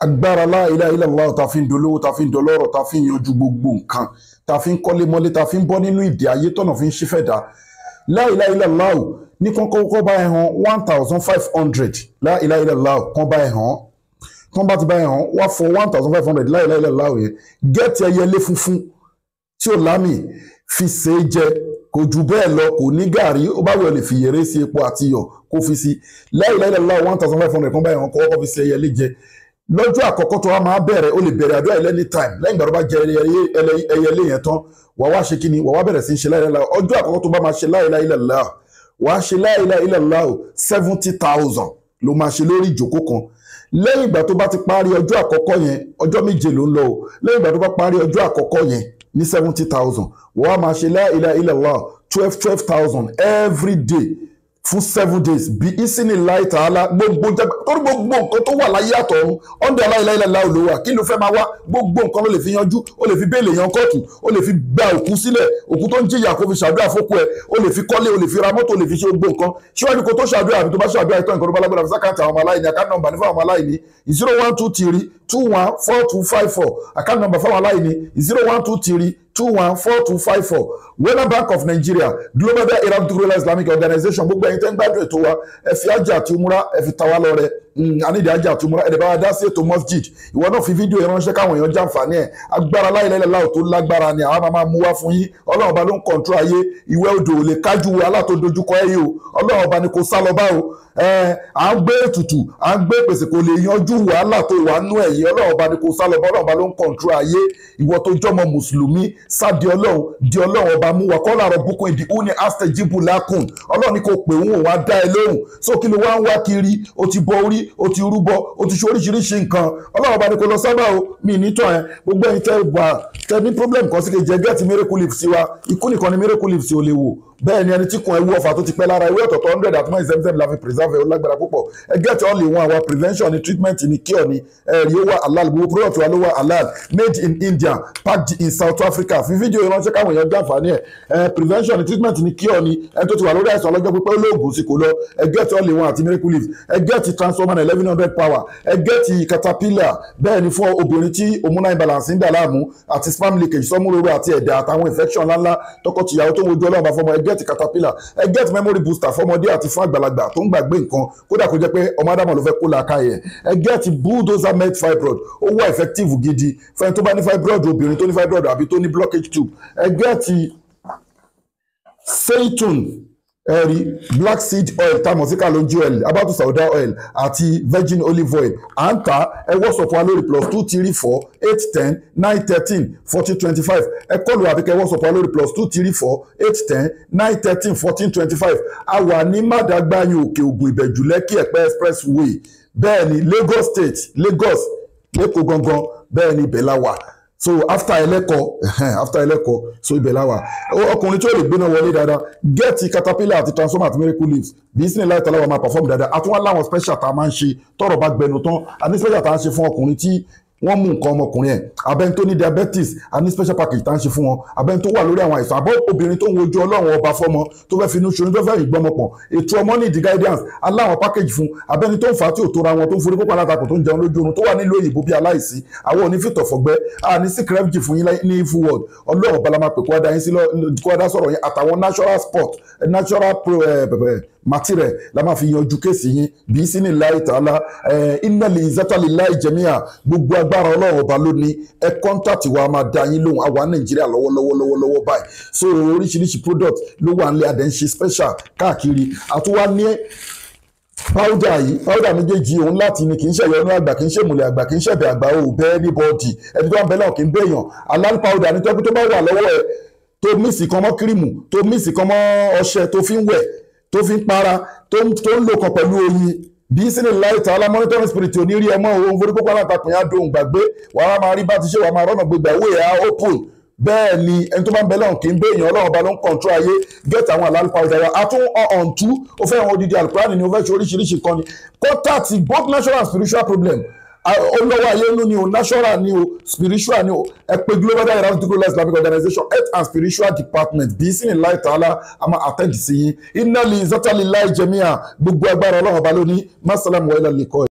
agbára la ilaha illallah ta fi ń dolówó ta fi ń dọlọ́rọ̀ ta fi ń yanjú gbogbo nǹkan ta fi ń kọ́lé mọ́lé ta fi ń bọ́ nínú ìdè ayé tọ̀nà fi ń ṣífẹ́ dá la ilaha illallah ní kọ́kọ́ bá ẹ̀ hàn one thousand five hundred la ilaha illallah kan bá ẹ̀ hàn tán bá ti bá ẹ̀ hàn wá fọ one thousand five hundred la ilaha illallah yẹn gẹ́ẹ̀tì ẹyẹlé funfun tí ò lámì fi ṣe é jẹ kò jù bẹ́ẹ̀ lọ kò ní gàrí ó bá wẹ̀ lè fi yèrè sí epo àti iyọ̀ kó fi sí la one thousand five hundred kan bá ẹ̀ hàn kọ́kọ́ fi ṣe ẹyẹlé jẹ lọ́jọ́ àkọ́kọ́ tó wá máa bẹ̀rẹ̀ o lè bẹ̀rẹ̀ àdúrà ilẹ̀ ní time lẹ́yìn ìgbà tó bá jẹ ẹyẹ ilé yẹn tán wà wá ṣe kí ni wà wá bẹ̀rẹ̀ sí í ṣe láìláìlá ọjọ́ àkọ́kọ́ tó bá máa ṣe láìláìlá wà á ṣe láìláìlá seventy thousand ló máa ṣe lórí ìjókòó kan lẹ́yìn ìgbà tó bá ti parí ọjọ́ àkọ́kọ́ yẹn ọjọ́ méje ló ń lọ o lẹ́yìn ìgbà tó bá parí ọjọ́ àkọ́kọ́ yẹn ní seventy thousand wà á máa ṣe láìláìlá twelve twelve thousand every day fún seven days bí ìsìn láì tààlà gbogbo jẹ torí gbogbo nǹkan tó wà láyé àtọ̀run ọ̀ndẹ̀ aláìláìláì olówó kí ló fẹ́ máa wá gbogbo nǹkan ló lè fi yanjú ó lè fi béèlè yan kóòtù ó lè fi gba òkú sílẹ̀ òkú tó ń jìyà kó fi ṣàdúrà fókù ẹ̀ ó lè fi kọ́lé ó lè fi ra mọ́tò ó lè fi ṣe gbogbo nǹkan síwájú kó tó ṣàdúrà àbí tó bá ṣàdúrà ìtọ́ nǹkan tó bá lágbára fi sákàtà àwọn ọmọ aláìní àkáǹtì nọ́mbà ní fún àwọn aláìní zero one two three two one four two five four account number fáwọn aláìní zero one two three two one four two five four wena bank of nigeria global arab dukurela islamic organization gbogbo ẹ̀yin tẹ́ ń gbádùn ètò wa ẹ fi ajá àti umra ẹ fi ta wá lọ rẹ anídìí mm, ajá àti umra ẹ̀dẹ̀ bá wa dá sí ètò masjid ìwọ náà fi fídíò yẹn ránṣẹ́ káwọn èèyàn jàǹfààní ẹ̀ agbára láìlẹ́lẹ̀ láò tó lágbára ni àwọn máa mú wá fún yín ọlọ́run ọba ló ń kọ̀ǹtró ayé ìwé odò ò lè kájú alátó dojúkọ ẹ̀ yìí o ọlọ́run ọba ni kò sá lọ bá o à ń gbé ètùtù à ń gbé pèsè kò lè yanjú wàhálà tó wà nú ẹ̀yìn yìí ọlọ́run ọba ni kò sá lọ bọ́ ọlọ́run ọba ló ń kọ̀ǹtró ayé ìwọ tó jọmọ mùsùlùmí sá di ọlọ́run di ọlọ́run ọba mú wa kọ́lá àrọ̀ bukun ìdí òun ni astejibu lakun ọlọ́run ni kò pè òun òun á dá ẹ lóhùn so kí ló wá ń wá kiri o ti bọ orí o ti rúbọ o ti ṣe oríṣiríṣi nǹkan ọlọ́run ọba ni kò lọ sábà o mi ní tọ́ ẹ gbogbo ẹ̀yin tẹ́ wà tẹni problem kan sí kejì ẹgbẹ́ ti miracle leaf sí ikú nìkan ni miracle leaf sí o lè wò bẹ́ẹ̀ ni ẹni tí kun ẹwú ọ̀fà tó ti pẹ́ lára ewé ọ̀tọ̀ọ̀tọ̀ hundred at mile zemzem la fi preserve ẹ̀ ó lágbára púpọ̀ ẹgbẹ́ tí wọ́n lè wọn àwa prevention ni treatment ni cure ni ẹ̀rí ó wà halal gbogbo product wa ló wà halal made in India packed in South Africa fi fídíò ìránṣẹ́ káwọn èèyàn jàǹfààní ẹ̀ prevention ni treatment ni cure ni ẹni tó ti wà lórí àìsàn ọlọ́jọ́ pípẹ́ olóògùn sí kò lọ ẹgbẹ́ tí wọ́n lè wọn àti miracle leaf ẹgbẹ́ ti transformer eleven hundred power ẹgbẹ́ ti caterpillar bẹ́ẹ̀ ni fún obìnrin tí hormonal imbalance ń dà láàmú àti spam leakage sọmúroro àti ẹ̀dà àtàwọn infection ńláńlá tọkọ-tìyàwó tó ń wojú ọlọ́run bá fọmọ ẹ get caterpillar ẹ get memory booster fọmọdé àti fún àgbàlagbà tó ń gbàgbé nǹkan kódà kó jẹ́ pé ọmọ ádámọ̀ ló fẹ́ kó la káyẹ̀ ẹ get bulldozer med fibroid ó wà effective gidi fẹ́ni tó bá ní fibroid obìnrin tó ní fibroid àbí tó ní blockage tube ẹ get seitun ẹ̀rí black seed oil tá a sí kalonji oil abatu sauda oil àti virgin olive oil à ń ta ẹ wọ́sọ̀pọ̀ wa lórí plus two three four eight ten nine thirteen fourteen twenty five ẹ kọlù àbíkẹ́ wọ́sọ̀pọ̀ wa lórí plus two three four eight ten nine thirteen fourteen twenty five a wà ní mádàgbáyìn òkè ògùn ìbẹ̀jú lẹ́kì ẹ̀pẹ́ expressway bẹ́ẹ̀ ni lagos state lagos lẹ́kọ̀ọ́ gangan bẹ́ẹ̀ ni bẹ́ẹ̀ wà so after ẹlẹ́kọ after ẹlẹ́kọ so ibẹ̀ láwà ọkùnrin tó lè gbéná wọlé dáadáa gẹ́ẹ̀tì caterpillar àti transformer àti miracle leaves bísí nílá ìtàláwà máa perform dáadáa àtúwọ́n láwọn special tá a máa ń ṣe tọ́rọ̀ bá gbẹnu tán àní special tá a ń ṣe fún ọkùnrin tí wọ́n mú nǹkan ọmọkùnrin ẹ̀ abẹ́ni tó ní diabetes a ní special package tá à ń ṣe fún wọn abẹ́ni tó wà lórí àwọn àìsàn àbọ̀ obìnrin tó ń wojú ọlọ́run ọba fọmọ tó fẹ́ finú ṣoyún tó fẹ́ ìgbọ́mọpọ̀ ètò ọmọ ní ìdí guidance aláwọn package fún abẹ́ni tó ń fa tí ò tóra wọn tó ń forí kópa alátakò tó ń jẹun lójú oorun tó wà nílò òyìnbó bí aláìsí àwọn onífìtọ̀ fọ̀gbẹ́ a ní sí crevji fún yín ní ifu world ọlọ́run balama pè kúwádà yín sí kúwádà sọ̀rọ̀ yín àtàwọn natural sport natural eh, material la máa fi yanjú kéèsì yín bí sínú ìlà ìtàlá ìnàlè ìzátàlè láì jẹ̀míà gbogbo agbára ọlọ́run ọba ló ní ẹ kọ́ńtàtì wa máa da yín lóhùn àwa nàìjíríà lọ́wọ́lọ́wọ́ lọ́wọ́lọ́wọ́ báyìí so oríṣiríṣi product ló wà nílé adẹ́ ń ṣe special káàkiri àtúwá ní powder yìí powder méjèèjì òun láti ni kì í ṣẹ̀yọ inú àgbà kì í ṣèmùlẹ̀ àgbà kì í ṣẹ̀bẹ̀ àgbà ò bẹ́ẹ̀ ní bọ́ọ̀dì ẹni tó wà ń bẹ́ẹ̀ náà kì í bẹ́ẹ̀yàn alal powder ní tọ́pẹ́ tó bá wà lọ́wọ́ ẹ̀ tó mísì kan mọ́ kírìmù tó mísì kan mọ́ ọṣẹ tó fi ń wẹ̀ tó fi ń para tó ń lò kan pẹ̀lú oyin bí sínú láì tààlà monitoring spirit ò ní rí ọmọ òun forúkọ pàrọ̀ àtàkùn yá dohùn gbàgbé wàá máa rí bá ti ṣe wàá máa rọ́nà gbogbo àwọ̀ ìhà open bẹ́ẹ̀ ni ẹni tó bá ń bẹ lọ́hùn kì í bẹ́ èèyàn ọlọ́run ọba ló ń kọ̀ǹtró ayé gẹ́tà àwọn àlálùpàá ìdára atún ọ̀hún ó fẹ́ràn odidi alukurani ni ó fẹ́ ṣe oríṣiríṣi kan ni contact both natural and spiritual problem olówó ayé ló ni o natural ni o spiritual ni o ẹ pé global dahiratu dhikrlahi islamic organization health and spiritual department bí sí ní láì tààlà a máa attend sí yín iná lè zátàlí láì jẹmíà gbogbo agbára ọlọ́run ọba lóní masalam wa lè kọ́ ẹ.